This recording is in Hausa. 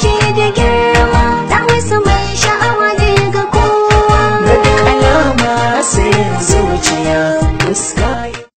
ciki da girma ta wasu